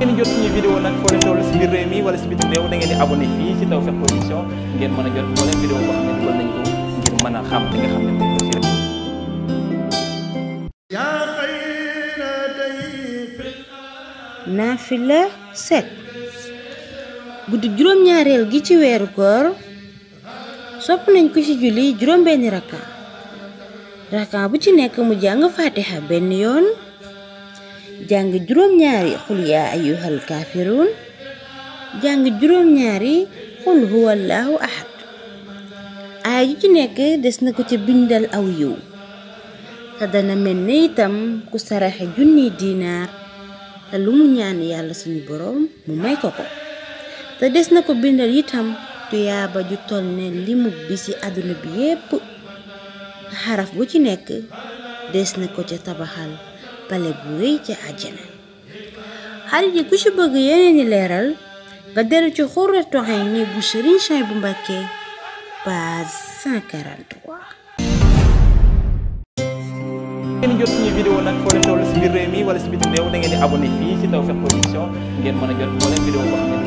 ngeen jot suñu vidéo nag foo wala si biir a jot moo leen vidéo boo a xam li nga xam ne moom la rek. naafila set guddi juróom-ñaareel gi ci weeru koor sopp nañ ko ci julli juróom-benni rakka rakka bu ci nekk mu jàng faatiha benn yoon. jàng juróom-ñaari xul yaa ayyuhal kaafiruun jàng juróom-ñaari xul huwa ahad aay ju ci nekk des na ko ci bindal aw yiw te dana mel ni itam ku saraxe junni diinaar te lu mu ñaan yàlla suñu boroom mu may ko ko te des na ko bindal itam tuyaaba ju toll ne limu bi ci àdduna bi yépp xaraf bu ci nekk des na ko ca tabaxal pale bu rëy ci àjjana xarit yi ku ci bëgg yeneeni leeral nga dellu ci Xurratu Ayni bu Sëriñ Suhaybu Mbàkke page 143 ngeen jot suñu vidéo nag foo leen toll si biir réew mi wala si bitim réew da di abonné fii si Tawfekh Production ngeen mën jot moo leen vidéo boo